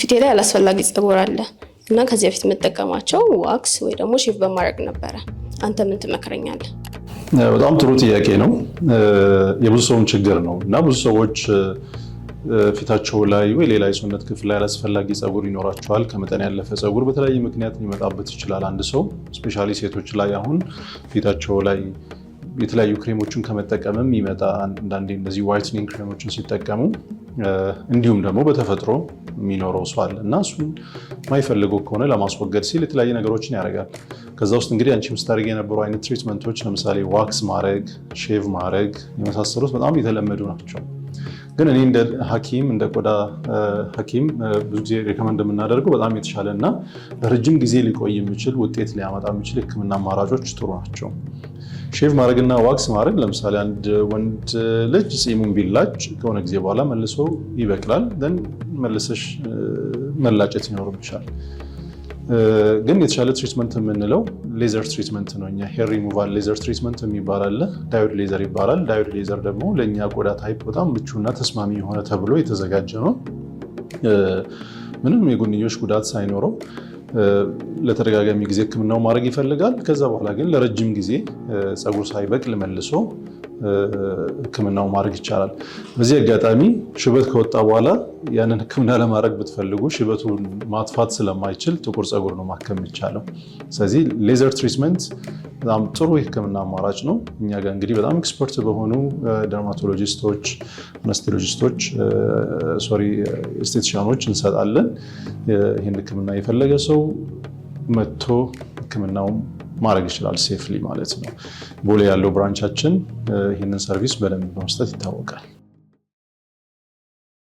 ፊቴ ላይ አላስፈላጊ ጸጉር አለ እና ከዚህ በፊት የምጠቀማቸው ዋክስ ወይ ደግሞ ሼፍ በማድረግ ነበረ። አንተ ምን ትመክረኛለህ? በጣም ጥሩ ጥያቄ ነው። የብዙ ሰውን ችግር ነው እና ብዙ ሰዎች ፊታቸው ላይ ወይ ሌላ የሰውነት ክፍል ላይ አላስፈላጊ ጸጉር ይኖራቸዋል። ከመጠን ያለፈ ጸጉር በተለያየ ምክንያት ሊመጣበት ይችላል። አንድ ሰው ስፔሻሊ ሴቶች ላይ አሁን ፊታቸው ላይ የተለያዩ ክሬሞችን ከመጠቀምም ይመጣ አንዳንዴ እነዚህ ዋይትኒንግ ክሬሞችን ሲጠቀሙ እንዲሁም ደግሞ በተፈጥሮ የሚኖረው ሰው አለ እና እሱን የማይፈልገው ከሆነ ለማስወገድ ሲል የተለያየ ነገሮችን ያደርጋል። ከዛ ውስጥ እንግዲህ አንቺ ምስታደርግ የነበሩ አይነት ትሪትመንቶች ለምሳሌ ዋክስ ማድረግ፣ ሼቭ ማድረግ የመሳሰሉት በጣም የተለመዱ ናቸው። ግን እኔ እንደ ሐኪም እንደ ቆዳ ሐኪም ብዙ ጊዜ ሬኮመንድ የምናደርገው በጣም የተሻለ እና በረጅም ጊዜ ሊቆይ የሚችል ውጤት ሊያመጣ የሚችል ሕክምና አማራጮች ጥሩ ናቸው። ሼቭ ማድረግና ዋክስ ማድረግ ለምሳሌ አንድ ወንድ ልጅ ጺሙን ቢላጭ ከሆነ ጊዜ በኋላ መልሶ ይበቅላል። መልሰሽ መላጨት ይኖርብሻል። ግን የተሻለ ትሪትመንት የምንለው ሌዘር ትሪትመንት ነው። እኛ ሄር ሪሙቫል ሌዘር ትሪትመንት የሚባል አለ። ዳዮድ ሌዘር ይባላል። ዳዮድ ሌዘር ደግሞ ለእኛ ቆዳ ታይፕ በጣም ምቹና ተስማሚ የሆነ ተብሎ የተዘጋጀ ነው። ምንም የጎንዮሽ ጉዳት ሳይኖረው ለተደጋጋሚ ጊዜ ህክምናው ማድረግ ይፈልጋል። ከዛ በኋላ ግን ለረጅም ጊዜ ፀጉር ሳይበቅል መልሶ ህክምናው ማድረግ ይቻላል። በዚህ አጋጣሚ ሽበት ከወጣ በኋላ ያንን ህክምና ለማድረግ ብትፈልጉ ሽበቱን ማጥፋት ስለማይችል ጥቁር ፀጉር ነው ማከም ይቻለው። ስለዚህ ሌዘር ትሪትመንት በጣም ጥሩ የህክምና አማራጭ ነው። እኛ ጋር እንግዲህ በጣም ኤክስፐርት በሆኑ ደርማቶሎጂስቶች፣ አነስቴሎጂስቶች፣ ሶሪ ኤስቴቲሻኖች እንሰጣለን። ይህን ህክምና የፈለገ ሰው መጥቶ ህክምናውም ማድረግ ይችላል፣ ሴፍሊ ማለት ነው። ቦሌ ያለው ብራንቻችን ይህንን ሰርቪስ በደንብ በመስጠት ይታወቃል።